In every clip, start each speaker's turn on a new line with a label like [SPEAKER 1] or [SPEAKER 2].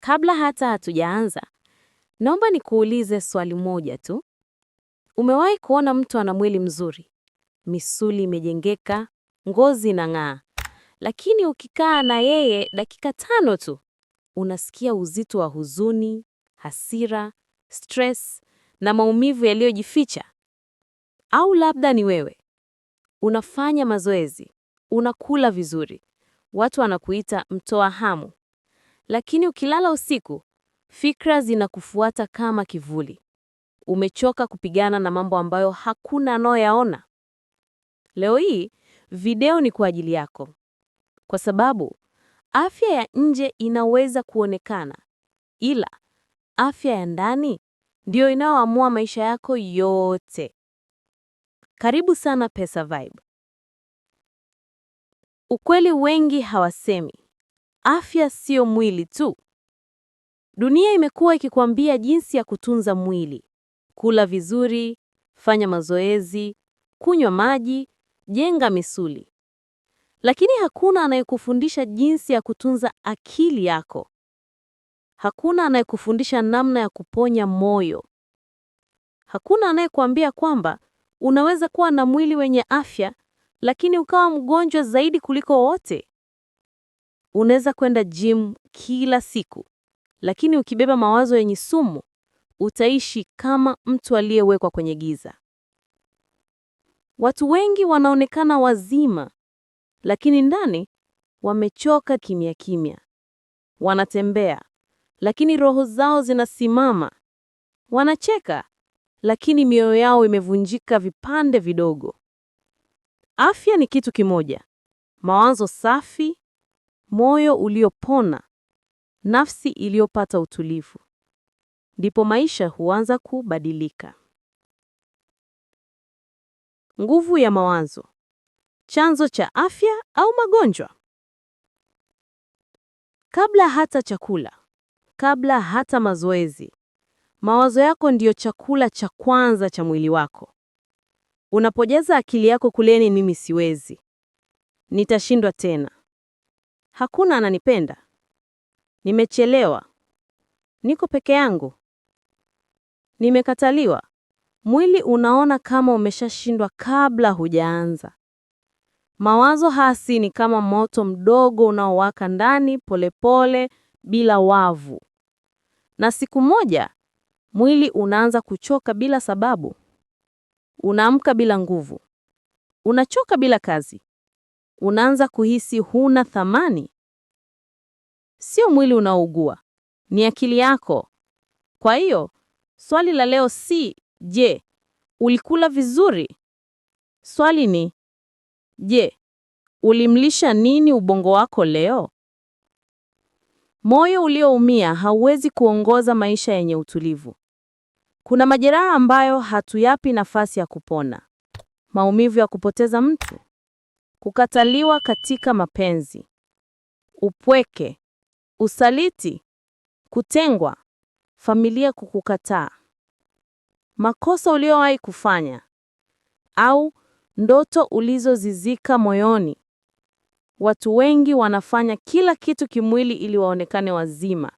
[SPEAKER 1] Kabla hata hatujaanza, naomba nikuulize swali moja tu. Umewahi kuona mtu ana mwili mzuri, misuli imejengeka, ngozi inang'aa, lakini ukikaa na yeye dakika tano tu unasikia uzito wa huzuni, hasira, stress na maumivu yaliyojificha? Au labda ni wewe, unafanya mazoezi, unakula vizuri, watu wanakuita mtoa hamu, lakini ukilala usiku, fikra zinakufuata kama kivuli. Umechoka kupigana na mambo ambayo hakuna anayoyaona. Leo hii video ni kwa ajili yako, kwa sababu afya ya nje inaweza kuonekana, ila afya ya ndani ndiyo inayoamua maisha yako yote. Karibu sana pesa Vibe. Ukweli wengi hawasemi, afya siyo mwili tu. Dunia imekuwa ikikwambia jinsi ya kutunza mwili: kula vizuri, fanya mazoezi, kunywa maji, jenga misuli. Lakini hakuna anayekufundisha jinsi ya kutunza akili yako. Hakuna anayekufundisha namna ya kuponya moyo. Hakuna anayekuambia kwamba unaweza kuwa na mwili wenye afya lakini ukawa mgonjwa zaidi kuliko wote. Unaweza kwenda gym kila siku, lakini ukibeba mawazo yenye sumu, utaishi kama mtu aliyewekwa kwenye giza. Watu wengi wanaonekana wazima, lakini ndani wamechoka kimya kimya. Wanatembea, lakini roho zao zinasimama. Wanacheka, lakini mioyo yao imevunjika vipande vidogo. Afya ni kitu kimoja, mawazo safi moyo uliopona, nafsi iliyopata utulivu. Ndipo maisha huanza kubadilika. Nguvu ya mawazo, chanzo cha afya au magonjwa? Kabla hata chakula, kabla hata mazoezi, mawazo yako ndiyo chakula cha kwanza cha mwili wako. Unapojaza akili yako kuleni, mimi siwezi, nitashindwa tena Hakuna ananipenda. Nimechelewa. Niko peke yangu. Nimekataliwa. Mwili unaona kama umeshashindwa kabla hujaanza. Mawazo hasi ni kama moto mdogo unaowaka ndani polepole bila wavu. Na siku moja mwili unaanza kuchoka bila sababu. Unaamka bila nguvu. Unachoka bila kazi unaanza kuhisi huna thamani. Sio mwili unaougua, ni akili yako. Kwa hiyo swali la leo si je, ulikula vizuri? Swali ni je, ulimlisha nini ubongo wako leo? Moyo ulioumia hauwezi kuongoza maisha yenye utulivu. Kuna majeraha ambayo hatuyapi nafasi ya kupona, maumivu ya kupoteza mtu, kukataliwa katika mapenzi, upweke, usaliti, kutengwa, familia kukukataa, makosa uliyowahi kufanya au ndoto ulizozizika moyoni. Watu wengi wanafanya kila kitu kimwili ili waonekane wazima,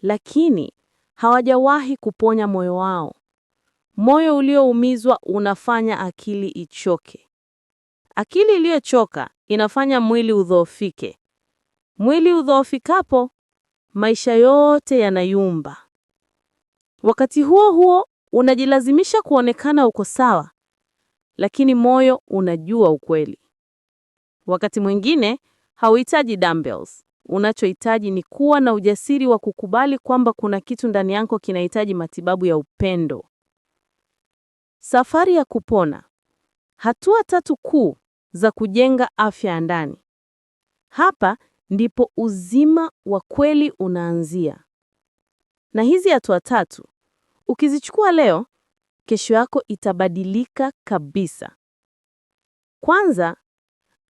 [SPEAKER 1] lakini hawajawahi kuponya moyo wao. Moyo ulioumizwa unafanya akili ichoke. Akili iliyochoka inafanya mwili udhoofike. Mwili udhoofikapo, maisha yote yanayumba. Wakati huo huo unajilazimisha kuonekana uko sawa, lakini moyo unajua ukweli. Wakati mwingine hauhitaji dumbbells. Unachohitaji ni kuwa na ujasiri wa kukubali kwamba kuna kitu ndani yako kinahitaji matibabu ya upendo. Safari ya kupona. Hatua tatu kuu za kujenga afya ya ndani. Hapa ndipo uzima wa kweli unaanzia. Na hizi hatua tatu ukizichukua leo, kesho yako itabadilika kabisa. Kwanza,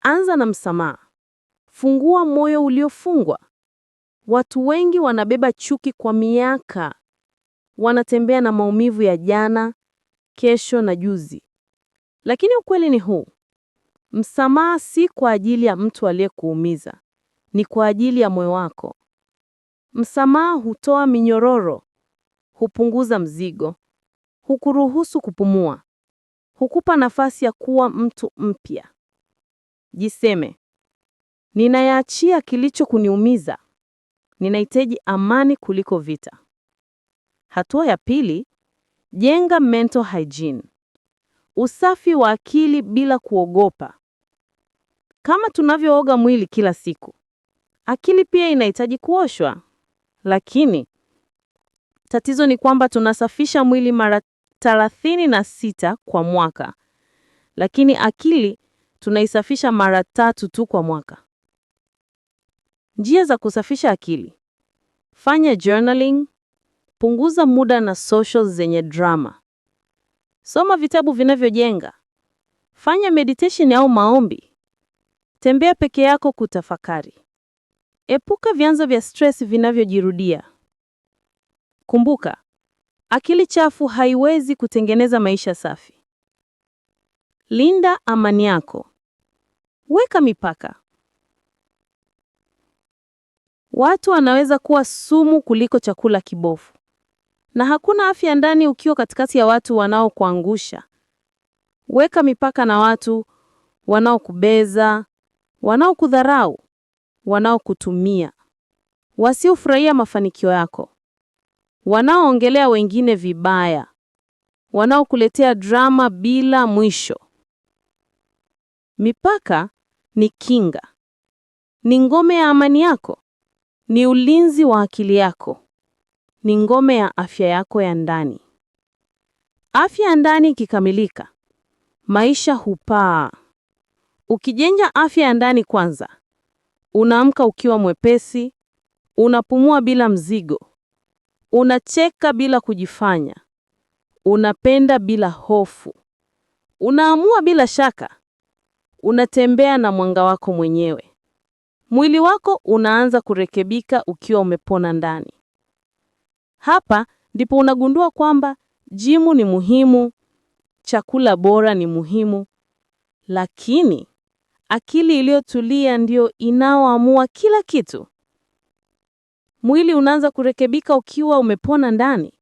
[SPEAKER 1] anza na msamaha. Fungua moyo uliofungwa. Watu wengi wanabeba chuki kwa miaka, wanatembea na maumivu ya jana, kesho na juzi. Lakini ukweli ni huu: Msamaha si kwa ajili ya mtu aliyekuumiza, ni kwa ajili ya moyo wako. Msamaha hutoa minyororo, hupunguza mzigo, hukuruhusu kupumua, hukupa nafasi ya kuwa mtu mpya. Jiseme, ninayaachia kilichokuniumiza, ninahitaji amani kuliko vita. Hatua ya pili, jenga mental hygiene, usafi wa akili bila kuogopa. Kama tunavyooga mwili kila siku, akili pia inahitaji kuoshwa. Lakini tatizo ni kwamba tunasafisha mwili mara thelathini na sita kwa mwaka, lakini akili tunaisafisha mara tatu tu kwa mwaka. Njia za kusafisha akili: fanya journaling, punguza muda na social zenye drama, soma vitabu vinavyojenga, fanya meditation au maombi. Tembea peke yako kutafakari. Epuka vyanzo vya stress vinavyojirudia. Kumbuka, akili chafu haiwezi kutengeneza maisha safi. Linda amani yako. Weka mipaka. Watu wanaweza kuwa sumu kuliko chakula kibofu Na hakuna afya ndani ukiwa katikati ya watu wanaokuangusha. Weka mipaka na watu wanaokubeza, wanaokudharau, wanaokutumia, wasiofurahia mafanikio yako, wanaoongelea wengine vibaya, wanaokuletea drama bila mwisho. Mipaka ni kinga, ni ngome ya amani yako, ni ulinzi wa akili yako, ni ngome ya afya yako ya ndani. Afya ya ndani ikikamilika, maisha hupaa. Ukijenga afya ya ndani kwanza, unaamka ukiwa mwepesi, unapumua bila mzigo, unacheka bila kujifanya, unapenda bila hofu, unaamua bila shaka, unatembea na mwanga wako mwenyewe. Mwili wako unaanza kurekebika ukiwa umepona ndani. Hapa ndipo unagundua kwamba jimu ni muhimu, chakula bora ni muhimu, lakini Akili iliyotulia ndio inaoamua kila kitu. Mwili unaanza kurekebika ukiwa umepona ndani.